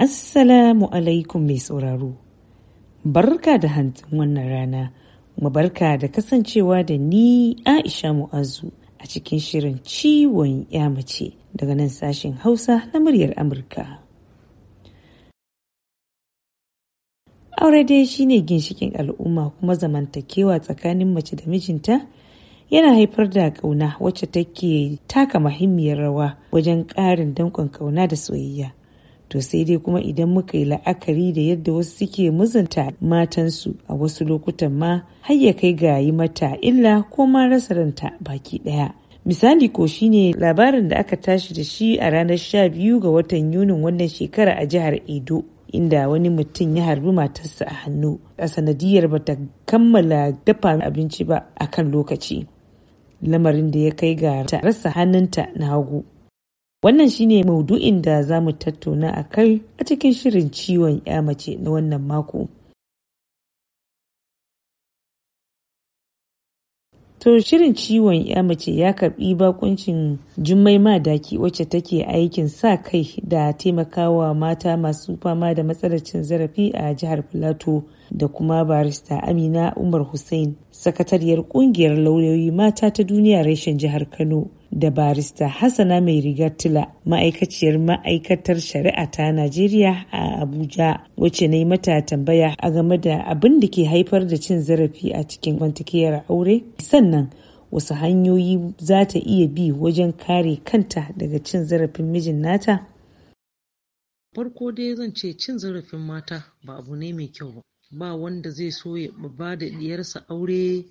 Assalamu alaikum mai sauraro. Barka da hantsin wannan rana, mabarka barka da kasancewa da ni Aisha Mu'azu a cikin shirin ciwon ya mace daga nan sashen Hausa na muryar Amurka. Aure dai shine ginshikin al'umma kuma zamantakewa tsakanin mace da mijinta yana haifar da ƙauna wacce take taka muhimmiyar rawa wajen ƙarin danƙon ƙauna da soyayya. to sai dai kuma idan muka yi la'akari da yadda wasu suke muzunta matansu a wasu lokutan ma har ya kai ga yi mata illa ko ma rasa ranta baki daya misali ko shine labarin da aka tashi da shi a ranar sha biyu ga watan yunin wannan shekara a jihar edo inda wani mutum ya harbi matarsa a hannu a sanadiyar bata kammala dafa abinci ba a kan lokaci lamarin da ya kai ga rasa hannunta na hagu Wannan shine maudu'in da za mu tattauna a kai a cikin shirin ciwon ya mace na wannan mako. To shirin ciwon ya mace ya karbi bakuncin Jummai Madaki wacce take aikin sa kai da taimakawa mata masu fama da matsalar cin zarafi a jihar Filato da kuma barista Amina Umar Hussein, sakatariyar kungiyar lauyoyi mata ta duniya reshen jihar Kano. da barista Hassana mai rigar tila ma'aikaciyar ma'aikatar shari'a ta Najeriya a Abuja wacce na yi mata tambaya a game da abin da ke haifar da cin zarafi a cikin kwantakiyar aure sannan wasu hanyoyi za ta iya bi wajen kare kanta daga cin zarafin mijin nata? Farko dai zan ce cin zarafin mata ba abu ne mai kyau ba. Ba wanda zai so ya ba da diyarsa aure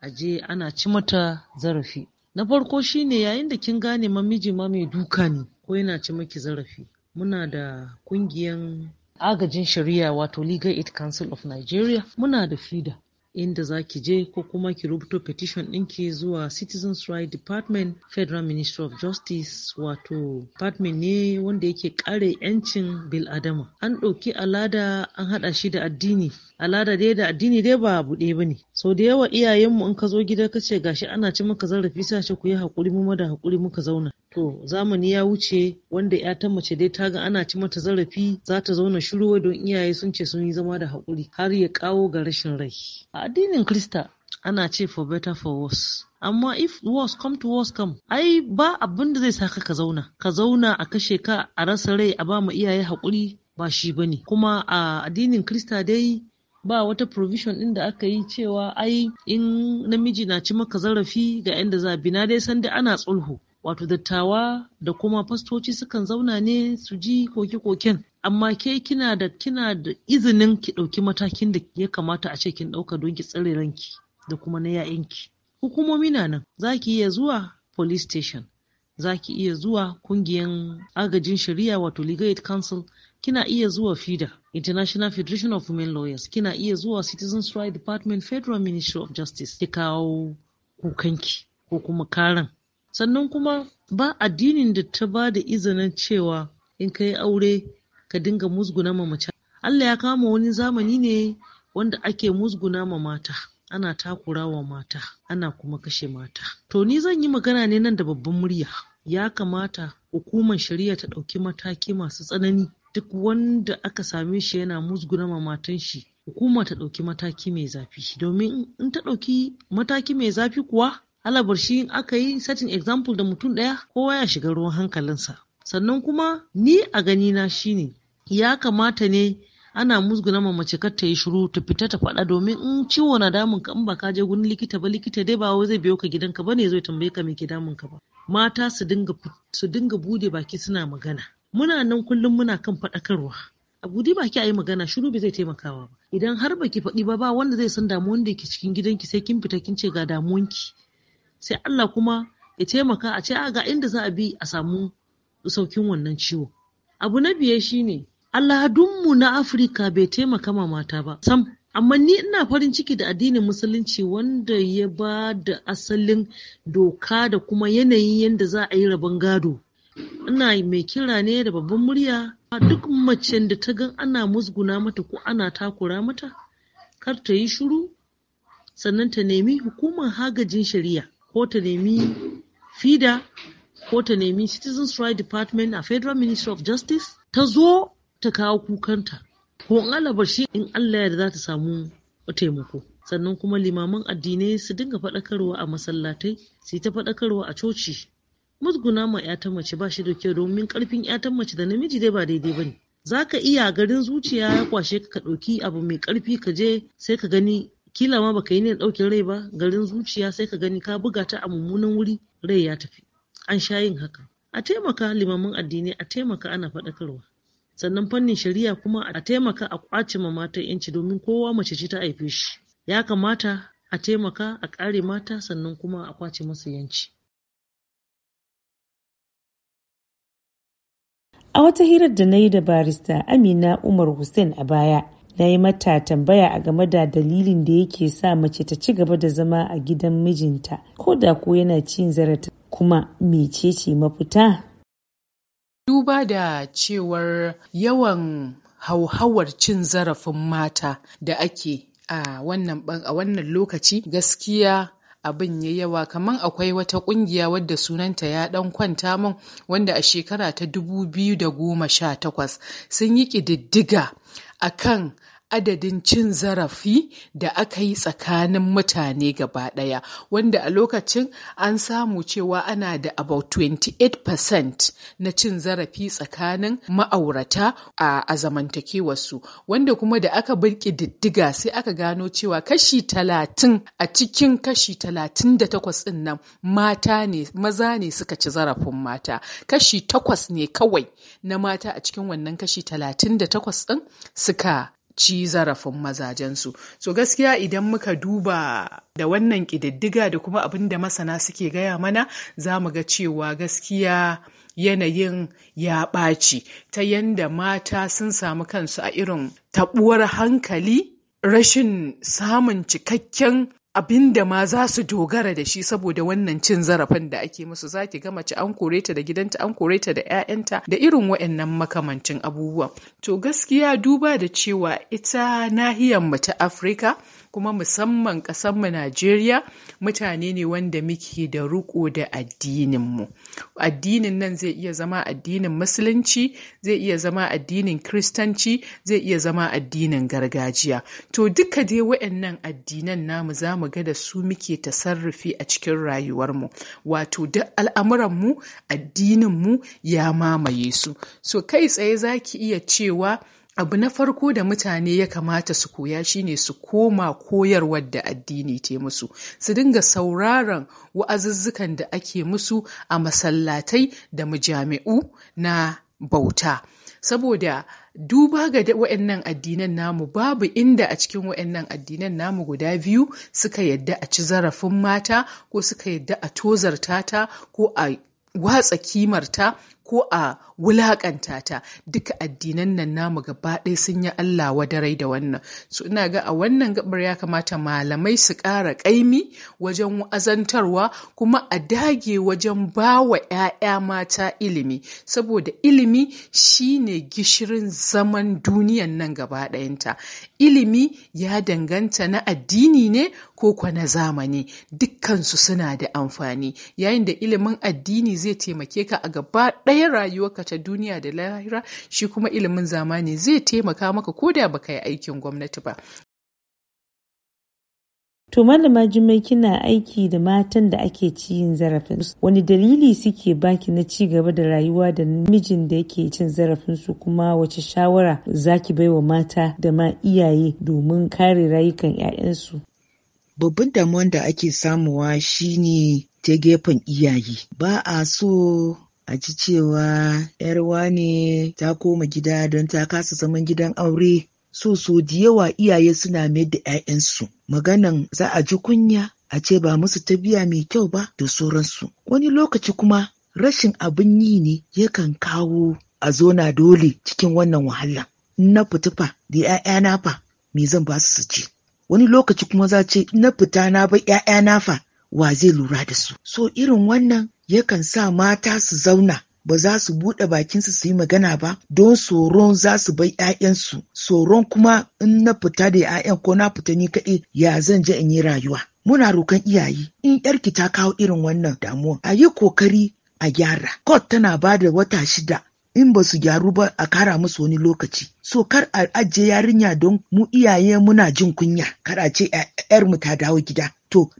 a je ana ci mata zarafi. Na farko shine yayin da kin gane mamiji ma mai duka ne ko yana ci maki zarafi. Muna da kungiyan agajin shari'a wato Legal Aid Council of Nigeria muna da FIDA inda za ki je ko kuma ki rubuto petition ɗinki zuwa Citizens Right Department Federal Ministry of Justice wato department ne wanda yake kare 'yancin bil'adama. An ɗauki alada an haɗa shi da addini al'ada dai da addini dai ba buɗe ba ne sau da yawa iyayenmu in ka zo gida ka ce gashi ana ci maka zarafi sa ce ku yi haƙuri mu da haƙuri muka zauna to zamani ya wuce wanda ya ta mace dai ta ga ana ci mata zarafi za ta zauna shiru don iyaye sun ce sun yi zama da haƙuri har ya kawo ga rashin rai a addinin krista ana ce for better for worse amma if worse come to worse come ai ba abin da zai saka ka zauna ka zauna a kashe ka a rasa rai a ba ma iyaye haƙuri ba shi bane kuma a addinin krista dai ba wata provision din da aka yi cewa ai in namiji na ci maka zarafi ga 'yan za zabi na dai san ana tsulhu wato dattawa da kuma fastoci sukan zauna ne su ji koke-koken amma ke kina da kina da izinin ki ɗauki matakin da ya kamata a ce kin ɗauka don ki tsare ranki da kuma na 'ya'yanki hukumomi na nan za ki iya zuwa police station za ki iya zuwa kungiyan agajin shari'a wato legal aid council kina iya zuwa FIDA International Federation of Women Lawyers kina iya zuwa Citizens Right Department Federal Ministry of Justice ki kawo kukanki ko kuma karan sannan kuma ba addinin da ta ba da izinin cewa in kai aure ka dinga musguna ma mace Allah ya kama wani zamani ne wanda ake musguna ma mata ana takura wa mata ana kuma kashe mata to ni zan yi magana ne nan da babban murya ya kamata hukumar shari'a ta ɗauki mataki masu tsanani duk wanda aka same shi yana musguna mamatan matan shi hukuma ta ɗauki mataki mai zafi domin in ta ɗauki mataki mai zafi kuwa alabar shi in aka yi satin example da mutum ɗaya kowa ya shiga ruwan hankalinsa sannan kuma ni a ganina shine ya kamata ne ana musguna ma mace kar ta yi shiru ta fita ta faɗa domin in ciwo na damun ka in ba ka je gurin likita ba likita dai ba wai zai biyo ka gidanka ba ne zai tambaye ka me ke damun ka ba mata su dinga su dinga bude baki suna magana muna nan kullum muna kan faɗakarwa a gudi baki a yi magana shiru bai zai taimakawa ba idan har baki faɗi ba ba wanda zai san damuwan da ke cikin gidanki sai kin fita kin ce ga damuwanki sai Allah kuma ya taimaka a ce a ga inda za a bi a samu saukin wannan ciwo abu na biye shine al'adunmu na afirka bai taimaka ma mata ba sam amma ni ina farin ciki da addinin musulunci wanda ya ba da asalin doka da kuma yanayin yadda za a yi rabon gado ina mai kira ne da babban murya duk mace da ta gan ana musguna mata ko ana takura mata kar ta yi shuru, sannan ta nemi hukumar hagajin shari'a ko ta nemi fida ko ta nemi citizens right department a federal ministry of justice ta zo ta kawo kukanta ko alabar shi in allah yadda za ta samu taimako sannan kuma limaman addinai su dinga faɗakarwa a masallatai su yi ta faɗakarwa a coci musguna ma 'ya mace ba shi da kyau domin karfin 'ya mace da namiji dai ba daidai ba ne za ka iya garin zuciya ya kwashe ka ɗauki abu mai karfi ka je sai ka gani kila ma baka yi ne ɗaukin rai ba garin zuciya sai ka gani ka buga ta a mummunan wuri rai ya tafi an sha yin haka a taimaka limamin addinai a taimaka ana faɗakarwa sannan fannin shari'a kuma a taimaka a kwace ma matan yanci domin kowa mace ce ta haife shi ya kamata a taimaka a kare mata sannan kuma a kwace masa yanci A wata hirar da na yi da barista Amina Umar Hussein a baya, na yi mata tambaya a game da dalilin da yake sa mace ta ci gaba da zama a gidan mijinta, ko da ko yana cin zarata kuma mecece mafita? Duba da cewar yawan hauhawar cin zarafin mata da ake a wannan lokaci gaskiya abin ya yawa kaman akwai wata kungiya wadda sunanta ya dan kwanta min wanda a shekara ta 2018 sun yi ƙididdiga kan. adadin cin zarafi da aka yi tsakanin mutane gaba ɗaya wanda a lokacin an samu cewa ana da about 28% na cin zarafi tsakanin ma'aurata a, a zamantakewarsu wanda kuma da aka birki diddiga sai aka gano cewa kashi talatin a cikin kashi talatin da ɗin nan mata ne maza ne suka ci zarafin mata kashi takwas ne kawai na mata a cikin wannan kashi talatin da ɗin suka ci zarafin mazajensu. So gaskiya idan muka duba da wannan ƙididdiga da kuma abin da masana suke gaya mana za mu ga cewa gaskiya yanayin ya ɓaci ta yanda mata sun samu kansu a irin taɓuwar hankali rashin samun cikakken abin da ma za su dogara da shi saboda wannan cin zarafin da ake musu za ki ga mace an kore ta da gidanta an kore ta da 'ya'yanta da irin waɗannan makamancin abubuwan to gaskiya duba da cewa ita nahiyar mu ta afirka kuma musamman ƙasarmu Najeriya mutane ne wanda muke da riko da addinin mu. Addinin nan zai iya zama addinin Musulunci, zai iya zama addinin Kiristanci, zai iya zama addinin gargajiya. To duka dai waɗannan addinan namu za mu ga da su muke tasarrufi a cikin rayuwarmu. Wato duk al'amuran mu addinin mu ya mamaye su. So kai tsaye za ki iya cewa abu na farko da mutane ya kamata su koya shine su koma koyarwar da addini te musu su dinga sauraron wa'azuzzukan da ake musu a masallatai da mujami'u na bauta saboda duba ga wa'annan addinan namu babu inda a cikin wa'annan addinan namu guda biyu suka yadda a ci zarafin mata ko suka yadda a tozarta ta ko a watsa kimarta ko a wulakanta ta duka addinan nan namu gaba ɗaya sun yi Allah wadarai da wannan so ina ga a wannan gabar ya kamata malamai su ƙara ƙaimi wajen azantarwa kuma a dage wajen ba wa 'ya'ya mata ilimi saboda ilimi shine gishirin zaman duniyan nan gaba ɗayanta ilimi ya danganta na addini ne ko kwa na zamani dukkansu suna da amfani yayin da ilimin addini zai taimake ka a gaba ɗaya ɗaya rayuwarka ta duniya da lahira shi kuma ilimin zamani zai taimaka maka ko da baka yi aikin gwamnati ba To malama jimai kina aiki da matan da ake ciyin zarafin su. Wani dalili suke baki na ci gaba da rayuwa da mijin da yake cin zarafin su kuma wace shawara zaki baiwa mata da ma iyaye domin kare rayukan 'ya'yansu? Babban damuwan da ake samuwa shine ta gefen iyaye. Ba a so a ci cewa yarwa ne ta koma gida don ta kasa zaman gidan aure so so da yawa iyaye suna mai da 'ya'yansu maganan za a ji kunya a ce ba musu biya mai kyau ba da sauransu wani lokaci kuma rashin abin yi ne yakan kawo a zona dole cikin wannan wahala na fita fa da 'ya'yana fa me zan ba su su ci wani lokaci kuma za ce na fita na ba 'ya'yana fa wa zai lura da su so irin wannan yakan sa mata su zauna ba za su buɗe bakinsu su yi magana ba don tsoron za su bai 'ya'yansu tsoron kuma in na fita da 'ya'yan ko na fita ni kaɗai ya zan je in yi rayuwa muna roƙon iyaye in 'yarki ta kawo irin wannan damuwa a yi kokari a gyara kot tana ba da wata shida in ba su gyaru ba a kara musu wani lokaci so kar a ajiye yarinya don mu iyaye muna jin kunya kar a ce 'yar mu ta dawo gida to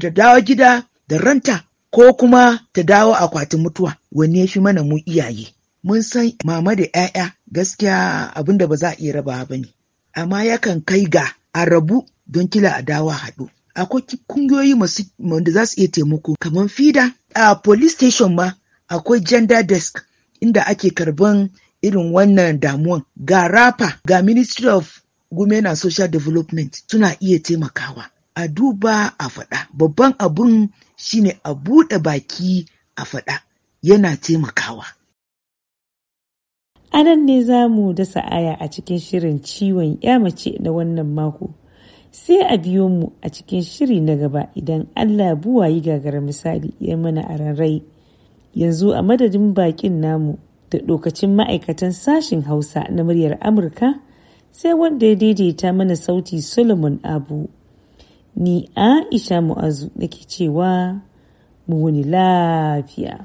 da dawo gida da ranta ko kuma ta dawo akwatin mutuwa wanne ya fi mana mu iyaye mun san mama da 'ya'ya gaskiya abin da ba za a iya rabawa ba ne amma yakan kai ga a rabu don kila a dawo haɗu akwai kungiyoyi masu wanda za su iya taimako kamar fida a police station ma akwai gender desk inda ake karban irin wannan damuwan ga rapa ga ministry of women and social development suna iya taimakawa a duba a faɗa babban abun shine a buɗe baki a faɗa yana taimakawa. A nan ne za mu dasa aya a cikin shirin ciwon ya mace na wannan mako. Sai a biyo mu a cikin shiri na gaba idan Allah yi gagara misali ya mana a rarrai. Yanzu a madadin bakin namu da ɗokacin ma'aikatan sashen Hausa na muryar Amurka sai wanda ya daidaita mana sauti Solomon Abu. Ni Aisha Mu'azu ke cewa mu wuni lafiya.